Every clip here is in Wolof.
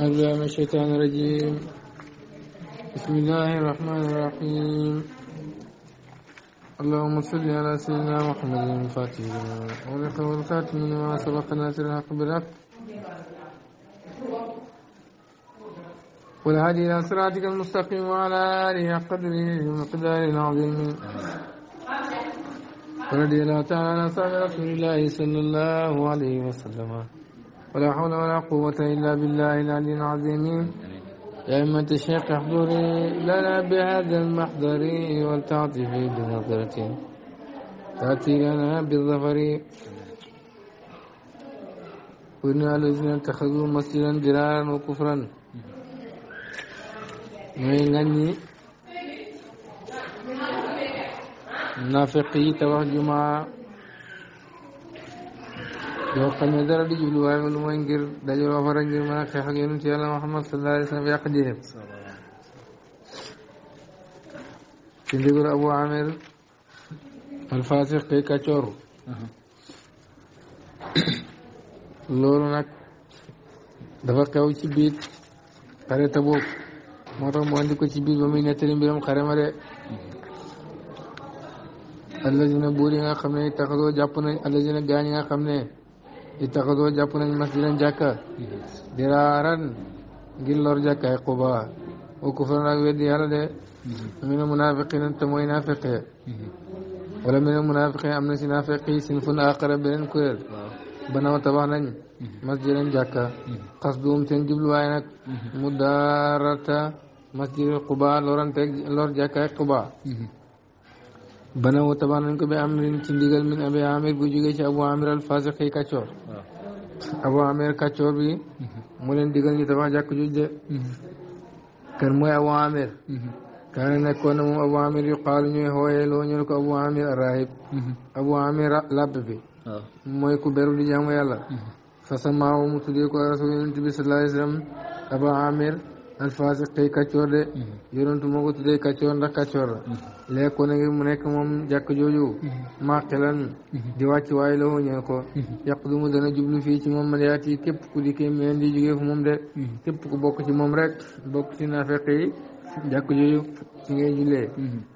أعوذ من الشيطان الرجيم بسم الله الرحمن الرحيم اللهم صل على سيدنا محمد الفاتح ولك والخاتم لما سبق ناصر الحق بالحق والهادي إلى صراطك المستقيم وعلى آله قدره ومقداره العظيم ورضي الله تعالى عن رسول الله صلى الله عليه وسلم ولا حول ولا قوة إلا بالله العلي العظيم يا أمة الشيخ احضري لنا بهذا المحضر ولتعطفي بنظرة تأتي لنا بالظفر وإن الذين اتخذوا مسجدا درارا وكفرا ويغني منافقي توحد جمعه doo xañee dara di jublu waaye lu mooy ngir dajaloo fa rek ngir mën a xeex ak yonent yàlla Muhammad sallallahu alayhi wa sallam yàq diine ci ndigal Abu Amir alfasix kay kàccoor loolu nag dafa xew ci biir xare Tabuk moo tax mu andi ko ci biir ba muy nettali mbiram xare ma de allazina buur yi nga xam ne taxadoo jàpp nañ allazina gaañ yi nga xam ne ittaxadoo jàpp nañ masjidan jàkka diraaran ngir lor jàkkaay Quba mm-hmm. wa kufran ak weddi yàlla de mina munaafiqiina te mooy mm-hmm. naafiqee wala mina munaafiqiin am na si naafiqi sinfun aaxara beneen kuréel banaw tabax nañ mm-hmm. masjidan jàkka xasduum seen jubluwaay nag mudaarata masjidil Quba loranteeg lor jàkkaay Quba bana wa tabax nañ ko bi amrin ci ndigal min abi amir bu jógee ci abu amir al fasiqi kàccoor abu amir kàccoor bi mu jàkk juj de kan abu amir kaana nekkoon na moom abu amir yu xaal ñuy xooyee loo ñu abu amir arahib bi mooy ku beru di jaamu yàlla fasamaaw mu tuddee ko rasul yonent abu amir alfaasik tey kàccoor de mm-hmm. yonentu moo ko tuddee kàccoor ndax kàccoor la mm-hmm. léegi na ngi mu nekk moom jàkk jooju mm-hmm. maqilan di wàcc waaye la woo ñeel ko yàq du mu dana jublu fii ci moom malaat yi képp ku di kay meen di jógee fu moom de képp ku bokk ci moom rek bokk ci naafeq yi jàkk jooju ci ngay jullee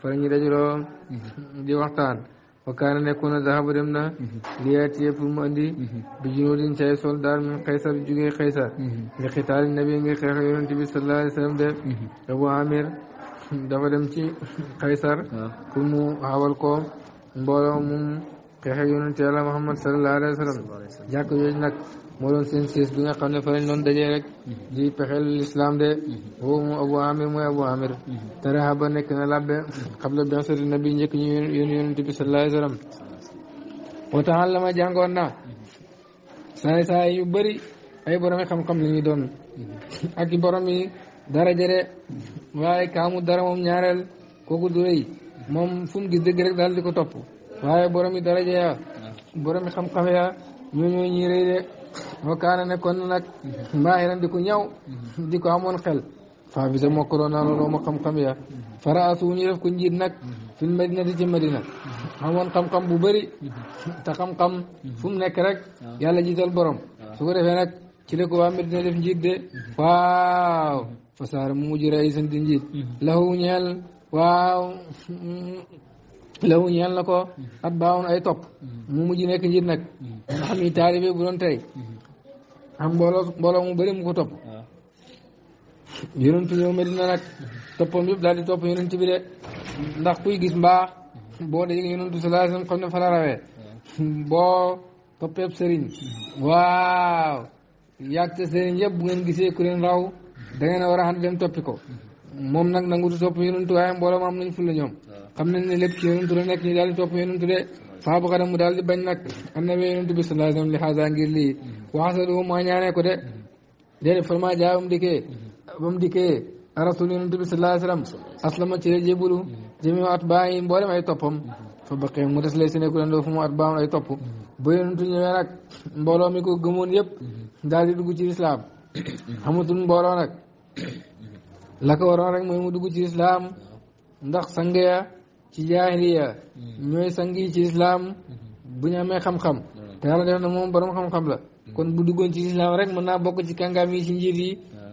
fa la ñu dajaloo di waxtaan Fakkaana nekkoon na zahaba dem na. liyaatiye pour mu andi. bi junuudin ci ay soldaar min Qaysar jugee Qaysar. li xitaali nabi ngir xeex yonent bi sallallahu alayhi wa sallam de. Abu Amir dafa dem ci Qaysar. pour mu xawal ko mbooloo mu. pexe yonent yàlla Muhammad sallallahu alayhi wa sallam yooyu nag moo doon seen bi nga xam ne fa lañ doon dajee rek di pexeel lislaam de woowu mu Abu Amir mooy Abu Amir te rahaba nekk na labbe xabla bi'sati nabi njëkk ñu yónni yonent bi sallallahu alayhi wa sallam wataxal la ma jàngoon na saay saay yu bëri ay borom yi xam-xam la ñu ak i borom yi dara jëre waaye kaamu dara moom ñaareel kooku du rëy moom fu mu gis dëgg di ko topp waaye borom yi daraja ya ah. borom yi xam-xam ya de wa kaana nekkoon na nag maahiran di ko ñaw mm-hmm. di ko amoon xel faa bi sa mokkoroo naa looloo ma xam-xam ya mm-hmm. faraasu ñu def ko njiit nag mm-hmm. fil madinati ci madina amoon xam-xam bu bëri te xam-xam fu mu nekk rek ah. yàlla jiital borom ah. su ko defee ci la ko waa madina def njiit de waaw fasaara mu mujj rey seen di njiit ñeel waaw lawu ñeel la ko mm-hmm. ab baawun ay topp mm-hmm. mu mujj nekk njiit nag nga xam ni taalibe bu doon tey mm-hmm. mbooloo mu bëri mu ko topp ah. yonent ñëw daal di topp yonent bi de ndax kuy gis mbaax boo dajeg yonent sallallahu alayhi wasallam xam ne fa la rawee ah. boo toppeeb sëriñ waaw yàgg sëriñ yëpp bu ngeen gisee ku leen raw da ngeen war a xam dem toppi ko moom nag nangutu topp yonent waaye mbooloo ma am nañ fulla ñoom ah. xam nañ ne lépp ci yonentu la daal di topp yonentu de faabu xadam mu daal di bañ nag am na yonentu bi sallallahu alayhi wa sallam li xaasa ngir lii waxasadu maa ñaanee ko de déedéet farma jaa bam dikkee bam dikkee rasul yonentu bi sallallahu alayhi wa aslama ci la jébulu jëmee at baa yi ay toppam fa baqee mu des lay sene ku dendoo fu mu at baam ay topp ba yonentu ñëwee nag mbooloo mi ko gëmoon yëpp daal di dugg ci lislaam xamatul mbooloo nag la ko waroon mu dugg ci ndax sangeya ci jaahiliya mm-hmm. ñooy sang ci islam mm-hmm. bu ñu amee xam-xam te yàlla def na moom borom xam-xam la mm-hmm. kon bu duggoon ci islam rek mën naa bokk ci kàngaam yi ci njiit yi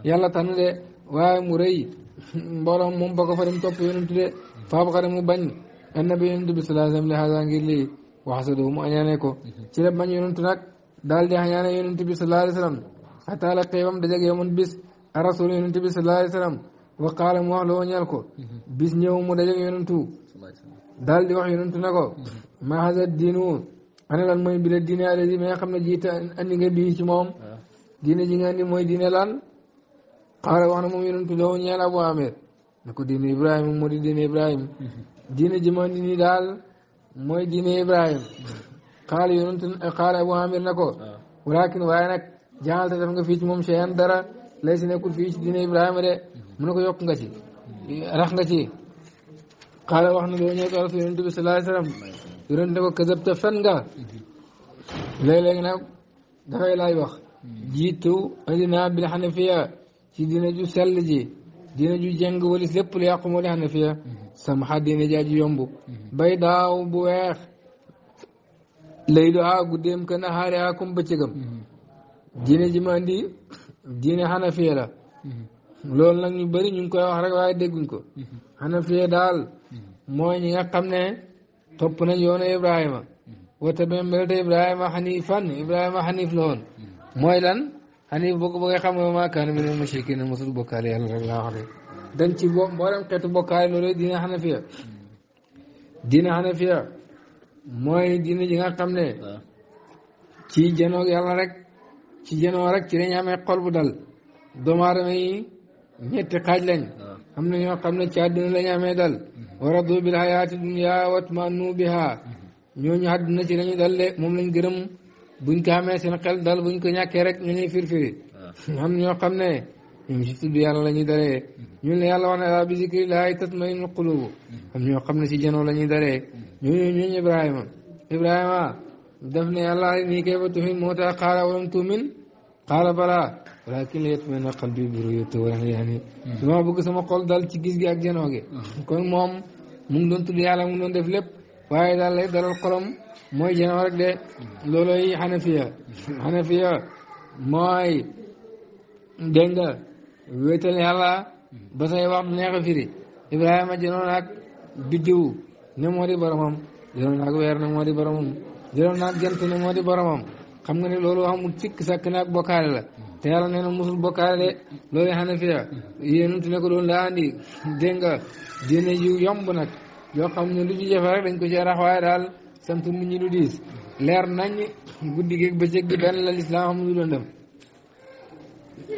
yàlla tànn de waaye mu rëy mbooloom moom ba ko fa dem topp yonentu de faabu xare mu bañ annabi yonentu bi sallallahu alayhi wa sallam xaasaa ngir lii waxasado mu añaane ko ci la bañ yonentu nag daal di añaane yonentu bi sallallahu alayhi wa sallam xataa la xeebam dajeg yoman bis a rasul yonentu bi sallallahu alayhi wa wa ko daal di wax yonent ne ko maa hasa diinu ana lan mooy mbir diine alladi mi nga xam ne jiita andi nga bii ci moom ah. diine ji nga andi mooy diine lan xaala wax na moom yonentu loo ñeel abu amir ne ko diine ibrahima di diine ibrahima ji ma andi nii daal abu amir ne ko walakin waaye nag jaxalta def nga fii ci moom cheyan dara lay si nekkul fii ci diine ibrahima mm-hmm. mu ne yokk nga ci rax nga ci xaala wax na loo ñëw rasul yonent bi sallallahu alayhi wasallam yonent ne ko kasabta fen nga léeg-léeg nag dafay laay wax jiitu adina bil xanafiya ci dina ju sell ji dina ju jëng walis lépp lu yàqu moo di xanafiya samxa dina jaaji yomb bay daaw bu weex lay doxaa guddeem ka naxaare haa comme bëccëgam diine ji ma andi xanafiya la loolu nag ñu bari ñu ngi koy wax rek waaye dégguñ ko xanafiya daal mooy ñi nga xam ne topp nañ yoonu Ibrahima wata bi mbirata Ibrahima xanifan Ibrahima xanif la woon mooy lan xanif boo ko bëggee xam nga maa kaana mina mushrikiin mosul bokkaale yàlla rek laa wax de dañ ci bo mboolem xeetu bokkaale loolu diina xanafiya diina xanafiya mooy diina ji nga xam ne ci janoog yàlla rek ci janoo rek ci dañu amee xol bu dal doomu aadama yi ñetti xaaj lañ am na ñoo xam ne ci àdduna lañu amee dal waradu bil hayaati dunya watmannu biha ñooñu àdduna ci lañu dalle moom lañ gërëm buñ ko xamee seen xel dal buñ ko ñàkkee rek ñu ñuy firfiri am ñoo xam ne ñoom ci tudd yàlla la ñuy daree ñun la yàlla wax ne laa bi zikri laahi tatmainu qulubu am ñoo xam ne ci janoo la ñuy daree ñooñu ñooñu ibrahima ibrahima daf ne yàlla nii kayfa tuhin moo tax xaala walam tumin xaala balaa walakin yatma'inna qalbi bi ru'yati wa yani dama hmm. bëgg sama xol dal ci gis gi ak janoo gi hmm. kon moom mu doon tudd yàlla mu doon def lépp waaye daal lay dalal xolam mooy janoo de hmm. looloy xanafiya mooy dégg nga wéetal yàlla ba say wax du a firi janoon ak biddiw ne moo di boromam janoon ak weer ne moo di janoon ak jant ne moo di boromam xam nga ne loolu amul sikk sàkk naag bokkaale la te yàlla nee na musul bokkaale de loolu Hanafi yéenuntu ne ko doon laa andi dégg yomb nag yoo xam ne lu ci jafe ko ci rax waaye daal sant nit ñi lu leer nañ guddi gi bëccëg gi benn la lislaam xam lu doon dem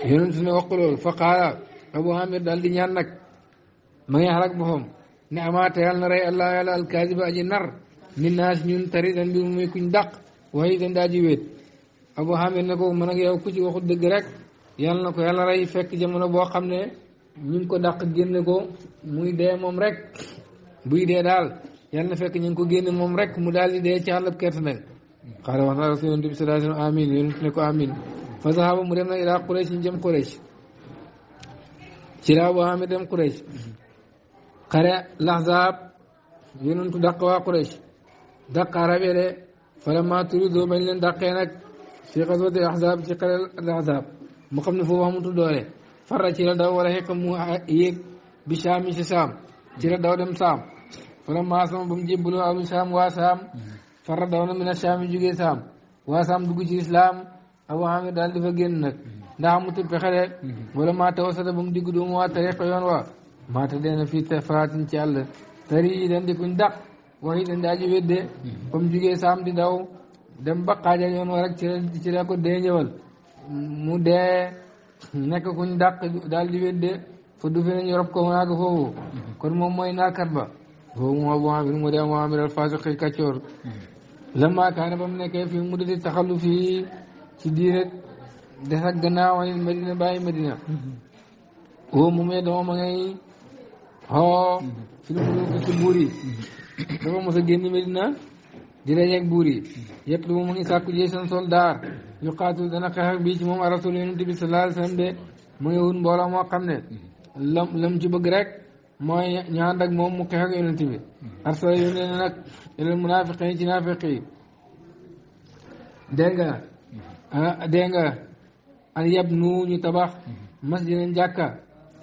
yéenuntu ne wax fa qaala Abu Hamid daal di ñaan nag ma ngi xalak boppam ne amaate yàlla na rey allah yàlla alkaasiba aji nar min ñun tari dan muy kuñ dàq waaye itam daa abu hamid ne ko mën ak yow ku ci waxut dëgg rek yàlla na ko a rey fekk jamono boo xam ne ñu ko daq génne ko muy dee moom rek buy dee daal yàlla na fekk ñu ngi ko génn moom rek mu daal di dee ci àllab kerte nag xaaral wax na rasul yonent bi sallallahu amin yonent ne ko amin fa sahaba mu dem na ilaa Quraysh ñu jëm Quraysh ci laa abu hamid dem Quraysh xare laxzaab yonentu dàq waa Quraysh dàq arabe de fala maa turu doo bañ leen dàqee nag fi a ahzab ci xare al ahzab mu xam ne foofu amutu doole farra ci la daw wala xekk mu yéeg bi saam yi si saam ci la daw dem saam vraiment sama ba mu jébbaloo alu saam waa saam farra daw na mina saam yi jógee saam waa saam dugg ci islam abu hamid daal dafa génn nag ndax amutu pexe de wala maa taw sata ba mu digg doomu waa tariqa yoon waa maata deena fii te faraatin ci àll tari yi dan di kuñ dàq wax yi ji wedde ba mu jógee saam di daw dem ba xaajal yoon war ak ci la ko dee ñëwal mu dee nekk kuñ dàq daal di wedde fa du nañu rob ko naag foofu kon moom mooy naakat ba foofu moo mu dee moo xam dal faasiqi kaccoor lamma kaana ba mu nekkee fii mu dati taxalu fii ci diir des ak gannaaw yi Medina bàyyi woo mu mee dama ma ngay xoo fi lu mu ci buur yi dafa mos a génn Medina di dajeeg buur yi yëpp lu mu mun i sàkku jeesan soldaar yu xaatul dana xeex ak bii ci moom arasul yonent bi sallallahu alayhi wasallam de mu ngi wut mbooloo moo xam ne lam lam ci bëgg rek mooy ñu ànd ak moom mu xeex ak yonent bi arsala yónnee na nag ilal munaafiqiin ci naafiq yi dégg nga mm-hmm. ah, dégg nga an yab nu ñu tabax mm-hmm. masjidan jàkka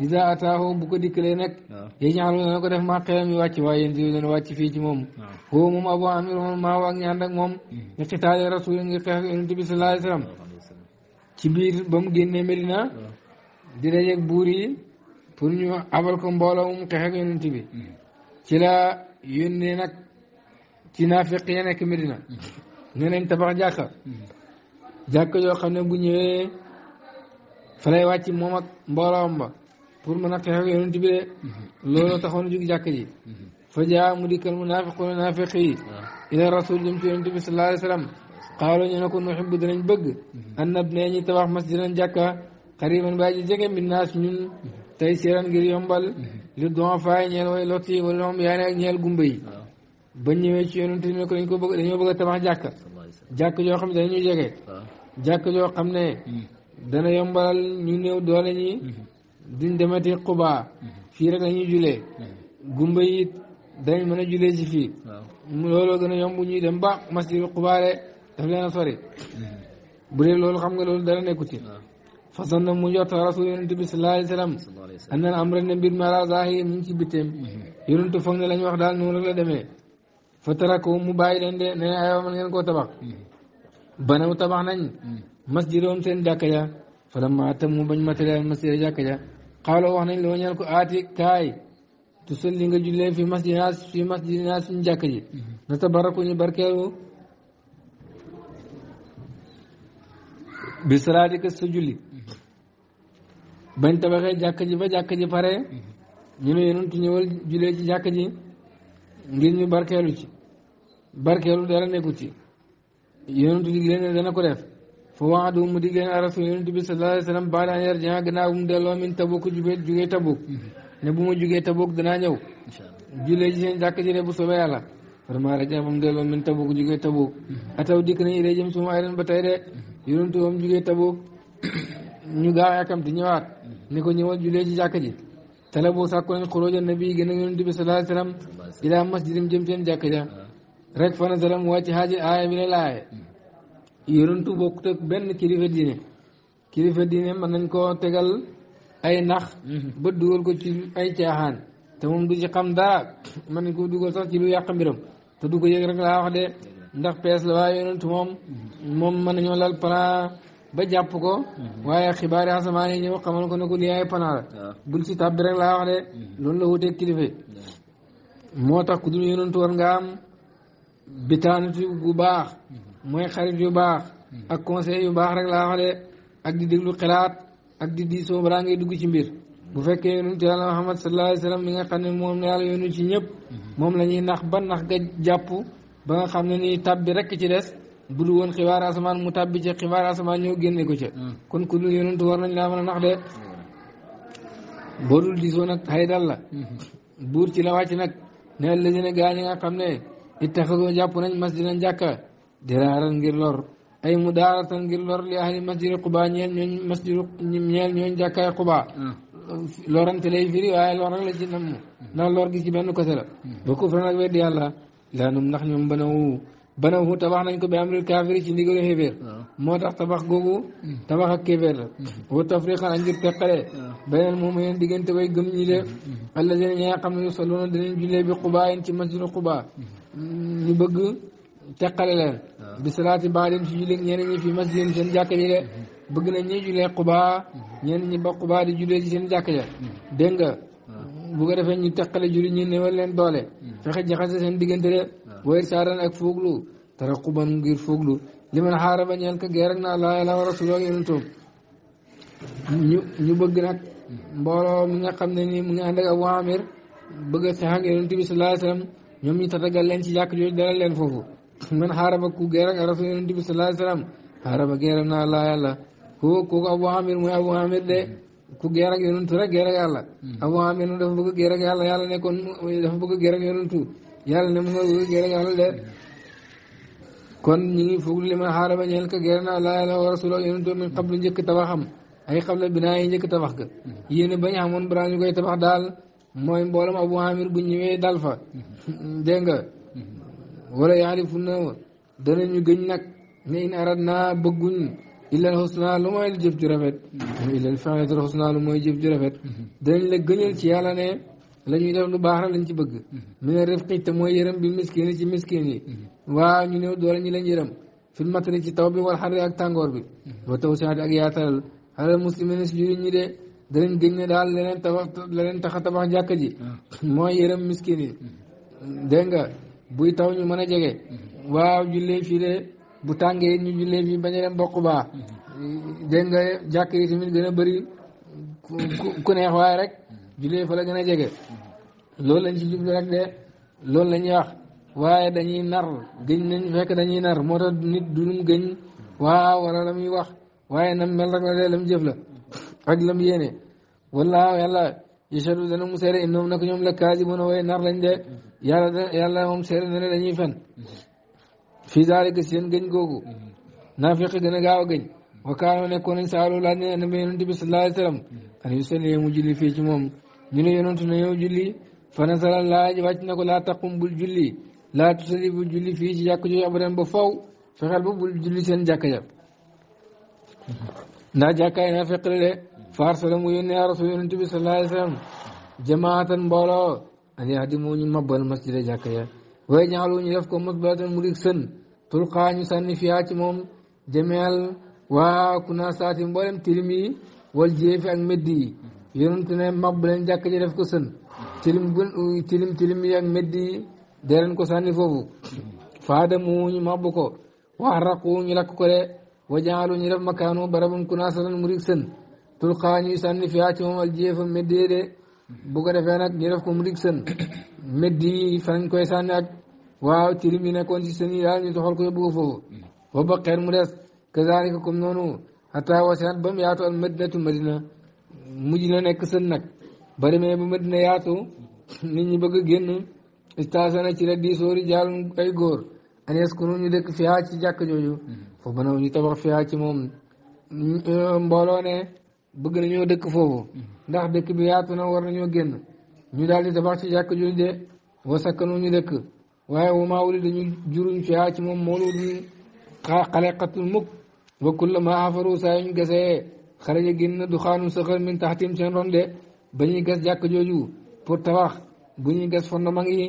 isa ataahu bu ko dikkalee nag yéen ñaar dana ko def maa xelam yi wàcc waaye yéen wàcc fii ci moom foofu moom abou amir moom maa waag ñaan ak moom ñu mm-hmm. xitaalee rasul ngi xeex ak yonente bi sallallahu alayhi wasallam ci biir ba mu génnee Medina di dajeeg yi mbooloo mu xeex ak yonente bi mm-hmm. ci la yónnee nag ci naafiq ya nekk Medina mm-hmm. ne nañ tabax jàkka jàkka yoo xam ne bu ñëwee fa lay wàcc moom ak mbooloom pour mën a xeex ak yonent bi de looloo taxoon a jug jàkk ji fa jaa mu dikkal munaafiquuna naafiq yi ila rasul jëm ci yonent bi sallallahu alayhi wa sallam xaalo ñu ne ko nuhibbu dinañ bëgg an nab nee tabax masjidan jàkka xariban bày ji min naas ñun tey seeran yombal li don faay ñeel way lott wala moom yaane gumba yi ba ñëwee ci yonent bi ko a tabax jàkka jàkk joo xam ne danañu jege jàkk joo xam ne hmm. dana yombalal ñi duñ demati Quba fii rek la ñuy julee gumba yi dañ mën a julee si fii looloo gën a yomb ñuy dem ba masjidu Quba daf leen a sori mm-hmm. bu dee loolu xam nga loolu dara nekku ci façon na mu jot rasul yonent bi sallallahu alayhi wasallam an nan am ne mbir mara zahiri mi ngi ci bitteem mm-hmm. yonentu foog ne la wax daal noonu rek la demee fa tarako mu bàyyi leen de ne ngeen koo tabax mm-hmm. banaw tabax nañ masjidoom seen jàkka ja fa lamma atamu bañ matériel masjid xawla wax nañ loo ñaan ko aati kaay tu salli nga jullee fi masjidinaa fi masjidinaa suñu jàkk ji mm-hmm. na tabaraku ñu barkeelu bi salaatika sa julli mm-hmm. bañ tabaxee jàkk ji ba jàkk ji pare mm-hmm. ñu ne yonent ñëwal jullee ci jàkk ji ngir ñu barkeelu ci barkeelu dara nekku ci yonent dig leen dana ko def fa waxdu mu diggéen a rasul yonent bi sallallahu alayhi wa sallam baada an yarjaa gannaaw bu mu delloo min tabuk jugee tabuk ne bu ma jugee tabuk danaa ñëw jullee ji seen jàkk bu soobee yàlla vraiment raja ba mu delloo min tabuk jugee tabuk ataw dikk nañu de jëm ba tey de yonent ba mu jugee tabuk ñu gaaw yàkkamti ñëwaat ne ko ñëwal jullee ji jàkk ji talabo sàkku nañ a yonent bi wa sallam rek fa na salam wàcc xaaji aaya yonentu bokkut ak benn kilifa diine kilifa diine mën nañ koo tegal ay nax mhm. ba dugal ko ci ay caaxaan te moom du xam dara mën nañ ko dugal sax ci lu yàq mbiram te du ko ndax pees la waaye yonentu moom mhm. moom mën nañoo lal plan ba jàpp ko mhm. waaye xibaar asamaan yi ñëw xamal ko ne ko lii ay panaa la ah. bul si tàbbi rek laa wax de loolu la wuteeg kilifa moo tax ku dul yonentu war nga am bitaanatu bu baax mooy xarit yu baax ak conseil yu baax rek laa wax de ak di déglu xalaat ak di diisoo balaa ngay dugg ci mbir bu fekkee yonent yàlla Muhammad sallallahu alayhi wa sallam nga xam ne moom la ci ñëpp moom la ñuy nax ba nax ga jàpp ba nga xam ne nii tabbi rek ci des bu dul woon xibaar asamaan mu tabbi ci xibaar asamaan ñëw génne ko ca kon ku dul yonent war nañ laa mën a nax de boo xay dal la buur ci la wàcc nag ne la dina ñi nga xam ne ittaxasoo jàpp nañ mas dinañ jàkka diraaran ngir lor ay mu daaratan ngir lor li ahli masjidi Quba ñeel ñooñ masjidi ñeel ñooñ jàkkaay Quba hmm. lorante lay firi waaye lor rek la ci namm hmm. ndax lor gi ci benn côté la hmm. ba kufran ak weddi yàlla laanum ndax ñoom banawu banawu tabax nañ ko bi amril kaafiri ci ndigalu xéeféer moo tax tabax googu tabax ak kéeféer la wa tafriqan ak ngir teqale beneen moom yeen diggante way gëm ñi de allazina ñi nga xam ne yu saloona dinañ jullee bi Quba yin ci masjidi Quba ñu bëgg teqale leen bi salaati baadin si julleeg ñeneen ñi fi masjidin seen jàkka ji de mm-hmm. bëgg nañ ñuy jullee xubaa mm-hmm. ñeneen ñi ba xubaa di jullee ci seen jàkka ja mm-hmm. dégg nga bu ko defee ñu teqale julli ñu néewal leen doole fexe jaxase seen diggante de wayir saaran ak fooglu tara xuban ngir fooglu li man xaaraba ñeel ko geer ak naa laa yàlla war a suloo yonentoom ñu ñu bëgg nag mbooloo mi nga xam ne nii mu ngi ànd Abu Amir bëgg a sax ak yonent bi sallallahu alayhi wa ñoom ñu tatagal leen ci jàkk jooju dalal leen foofu man a ku geer ak rasul yonent bi sallallahu alayhi wasallam yàlla ko kooku abu amir mooy abu amir de ku geer ak yonent rek geer yàlla abu amir nu dafa bëgg geer ak yàlla yàlla ne kon mu nga bëgg geer yàlla de kon ñu ngi foog li man xaaraba ñeel ko geer naa laa yàlla wa rasul ak yonent min qablu njëkk tabaxam ay xam la binaa yi tabax ga yéen bañ xamoon balaa ñu koy tabax daal mooy mboolem abu amir bu ñëwee dal fa dégg nga wala yaalifuna danañu gëñ nag ne in arad naa bëgguñ illal xusna lu mooy jëf ju rafet illal fi'latul xusna lu mooy jëf ju rafet danañ la gëñal ci yàlla ne la ñuy def lu baax rek lañ ci bëgg mu ne rifqi te mooy yërëm bi miskin ci miskin yi waa ñu néew doole ñi lañ yërëm fil matari ci taw bi wal xari ak tàngoor bi wa taw siaati ak yaatalal xalal muslimin si jullit de danañ gëñ daal leneen ta leneen tax a tabax ji ah. mooy yërëm miskin yi nga buy taw ñu mën a jege mm-hmm. waaw jullee fii de bu tàngee ñu jullee fii bañ a dem bokk baa mm-hmm. dégg nga jàkk yi tamit gën a bari ku neex rek jullee fa la gën a jege mm-hmm. loolu lañ ci jublu rek de loolu la ñuy wax waaye dañuy nar gëñ nañ fekk dañuy nar moo ta nit duñum gëñ waaw wala la muy wax waaye nam mel rek la de lam jëf la lam yéene wallaahu yàlla yashadu dana mu seere innoom nag ñoom la a way nar lañ de yàlla yàlla moom seere na ne dañuy fen fii zaalika seen gëñ googu naafiqi gën a gaaw a gëñ wa kaanoo nekkoon nañ saaloo laaj ne annabi yonent bi sallallahu alayhi wa sallam an yusalli mu julli fii ci moom ñu ne yonentu na yow julli fa nasala laaj wàcc na ko laa taqum bul julli laa tusalli bul julli fii ci jàkk jooju abadan ba faw fexeel ba bul julli seen jàkk ja ndax jàkkaay naa feqle de farsala mu yónnee a rasul yonent bi sallallahu alayhi wasallam jamaatan mbooloo ani adi moo ñu mabbal masjida jàkk ya way ñaalu ñu def ko masbalatan mu rik sën tulqaa ñu sànni fiyaa ci moom jameel waa kuna saati mboolem tilim yi wal jéefi ak médd yi yonent ne mabb leen jàkk ja def ko sën tilim gun tilim tilim yi ak médd yi dee leen ko sànni foofu faada mu ñu mabb ko wax raqu ñu lakk ko de wa jaalu ñu def makaanu barabam kuna satan mu rik sën tulqaa ñuy sànni fiyaa ci moom al jéefa de bu ko defee nag ñu def ko mu dig sën méddi yi fanañ koy sànni ak waaw tirim yi nekkoon ci sën yi daal ñu doxal ko yóbbu foofu foofu ba xeer mu des kazaalika comme noonu xataa wasiat ba mu yaatu al madinatu madina mujj na nekk sën nag ba demee ba madina yaatu ni ñi bëgg a génn istaasana ci la di soori jaal ay góor anees ku ñu dekk fi ci jàkk jooju mm-hmm. foofu ba naw ñu tabax fiyaa ci moom mbooloo bëgg nañoo dëkk foofu ndax dëkk bi yaatu na war nañoo génn ñu daal di tabax ci jàkk jooju de wasakkanu ñu dëkk waaye wa maa wuli dañu juruñ fi ci moom mawludun xaleqatul mukk wa kulla ma xafaru saa yuñ gasee xaraja génn du xaanu saxar min taxtim seen ron de ba ñuy gas jàkk jooju pour tabax bu ñuy gas fondement yi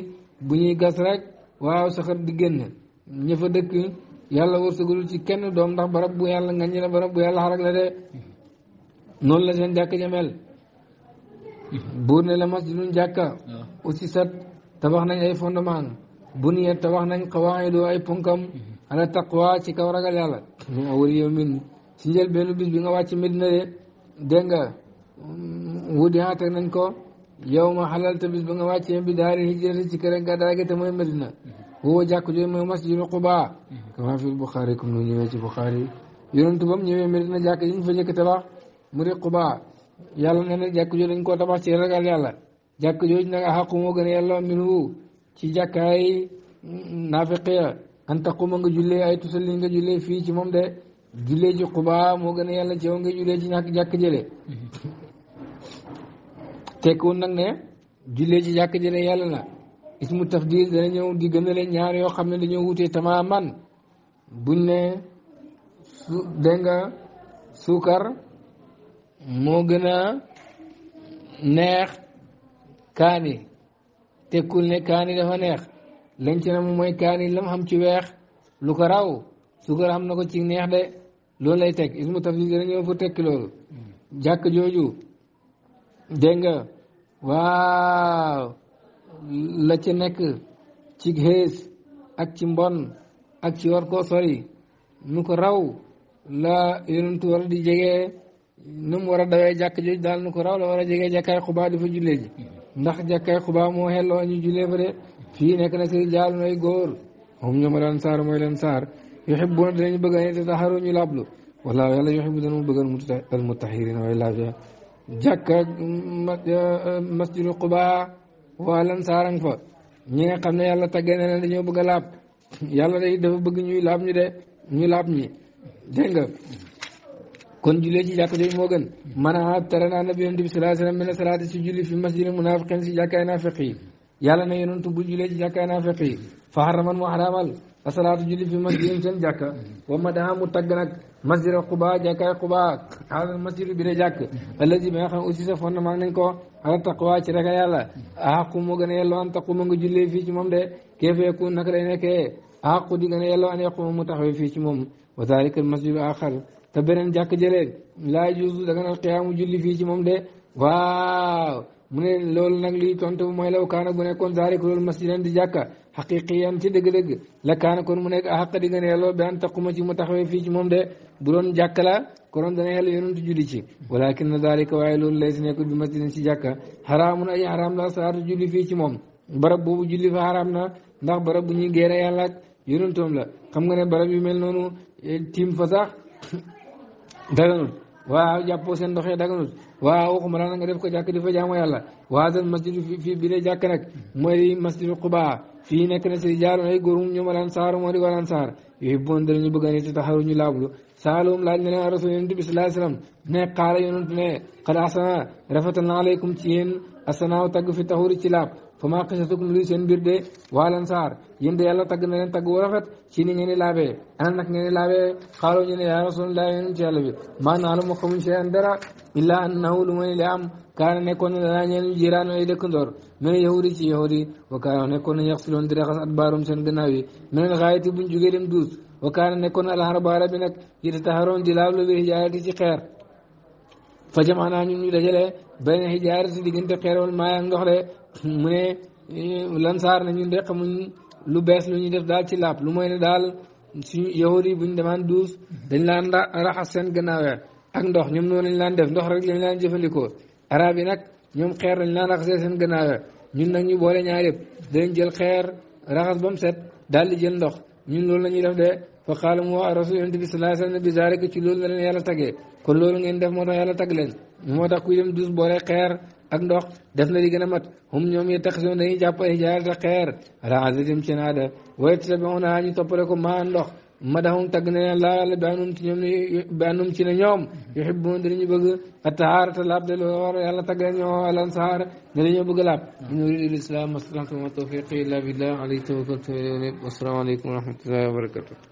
bu ñuy gas rek waaw saxar di génn ña fa dëkk yàlla wërsëgalul ci kenn doom ndax barab bu yàlla ngañ na barab bu yàlla xarak noonu la seen jàkka jamel buur ne la masjidun jàkka aussi sat tabax nañ ay fondement buniyat tabax nañ qawaayidu ay punkam ala taqwa ci kaw ragal yàlla min awwal yawmin ci njël benn bis bi nga wàcc Medina de dégg nga wudiha teg nañ ko yow ma xalal te bis ba nga wàccee bi daari hijrati ci kër gàddaay gi te mooy Medina woo jàkk jooju mooy masjidu Quba kama fi Buxaari comme nu ñëwee ci Buxaari yonentu bam ñëwee mu ne xubaa yàlla nee na jàkk jooju dañ koo tabax ci ragal yàlla jàkk jooju na nga moo gën a yàlla minu ci jàkkaay naafiqiya an taquma nga jullee ay tusalli nga jullee fii ci moom de jullee ci xubaa moo gën a yàlla ci yow nga jullee ci ñàkk jàkk jële tekkiwul nag ne jullee ci jàkk jële yàlla na ismu tafdil dana ñëw di gënale ñaar yoo xam ne dañoo wutee tamaaman buñ ne su nga suukar moo gën a neex kaani tekkul ne kaani dafa neex lañ na mooy kaani lam xam ci weex lu ko raw suukar xam na ko ci neex de loolu lay teg ismu tafdil dana ñëw fu tekki loolu jàkk jooju dégg nga waaw la ci nekk ci xees ak ci mbon ak ci war koo sori nu ko raw la yonentu war di jege nu mu war a dawee jàkk jooju daal nu ko raw la war a jegee jàkkaay xubaa di fa jullee ji ndax jàkkaay xubaa moo xelloo ñu jullee fa de fii nekk na si jaal nooy góor moom ñoom lan saar mooy lan saar yuxibuuna danañ bëgg a ne te taxaru ñu lablu wallaahu yàlla yuxibu dana mu bëgg al mutahirina way laafiya jàkka euh, euh, masjidu xubaa waa lan saarang fa ñi nga xam ne yàlla tàggee na leen dañoo bëgg a laab yàlla day dafa bëgg ñuy laab ñu de ñu laab ñi dégg nga كن جلي جي جاك جي موغن منا ترنا نبي اندي صلى الله عليه وسلم من صلاة سجل في مسجد المنافقين سي جاك نافقي يالا نيرون تو بو جلي جي جاك نافقي فحرم المحرم الصلاة جلي في مسجد سن جاك وما دام مسجد قباء جاك قباء هذا المسجد بير جاك الذي ما خن اوسي سفون ما نكو على التقوى يالا اكو موغن يلو ان تقوم جلي في موم دي كيف يكون نكري نكي اكو دي غن ان يقوم متخوي في موم وذلك المسجد الاخر te beneen jàkk jëlee laa juusu da nga naan julli fii ci moom de waaw mu ne lool nag liy tontu mooy law kaana bu nekkoon zaalik loolu masjidan di jàkka xaqiqiyan ci dëgg-dëgg la kaana kon mu nekk a xaq di nga ne yàlla bi an taquma ci mu taxawee fii ci moom de bu doon jàkka la konoon dana yàlla yonent julli ci walakin na zaalika waaye loolu lay si nekkul bi masjidan ci jàkka xaraamun ay xaraam la salaatu julli fii ci moom barab boobu julli fa xaraam na ndax barab bu ñuy géere yàlla ak yonentoom la xam nga ne barab yu mel noonu eh, tiim fa sax daganul waaw jàppoo seen ndox yi daganul waaw waxuma la nga def ko jàkk di fa jaamu yàlla waazal masjidu fii bi dee jàkk nag mooy masjidu Quba fii nekk na si jaaroon ay góor ñoom alaan saar moo di walaan saar yooyu bon bëgg a ñu laablu saalum laaj na leen rasul yonent bi sallallahu alayhi wasallam ne xaala yonent ne xad ci yéen asanaaw tagg fi taxuri ci laab fa maa xisatukum luy seen mbir waa lan saar yéen de yàlla tagg na leen tagg ngeen di laabee ana ngeen di laabee xaaloo ñu ne yaa ci yàlla ma xamuñ seen dara illaa annahu lu may li am kaana nekkoon na danaa ñeen jiraan ay dëkkandoor mene yahudi ci yahudi wa kaana nekkoon na yax siloon di raxas at baarum seen gannaaw yi meneen xaayati buñ jugee dem duus wa kaana nekkoon na alarabu arabi nag yita taxaroon di laab lu bi hijaarati ci xeer fa jamaanaa ñun ñu dajale benn hijaarati diggante xeer mu ne eh, lansaar na ñun de xamuñ lu bees lu ñu def daal ci laab lu mooy ne daal suñu yahud yi bu ñu demaan duus dañ laan raxas seen gannaaw ak ndox ñoom noonu lañ laan def ndox rek lañ laan jëfandikoo arab yi nag ñoom xeer lañ laan raxasee seen gannaaw ñun nag ñu boole ñaar yëpp jël xeer raxas ba mu set daal di jël ndox ñun loolu la ñuy def de fa xaala mu wax rasul yonent bi sallallahu alayhi wasallam bi zaalika ci loolu la leen yàlla tagee kon loolu ngeen def moo tax yàlla tag leen moo tax kuy dem duus boole xeer ak ndox def na li gën a mat hum ñoom yi tax soon dañuy jàpp ay hijaarata xeer ala azatim ci naada waaye tabiuna ñu toppale ko maa ndox madahum tagg na leen laa yàlla bi anum ci ñoom ne bi anum ci ne ñoom yuhibbun dañu bëgg ataharata laab de loolu war yàlla tagg leen ñoo alan saar ne dañoo bëgg laab mm-hmm. in uridu lislam mastata'tu wa ma tawfiqi illa billah alayhi tawakkaltu wa ilayhi wa salaamu alaykum wa rahmatullahi wa barakatuh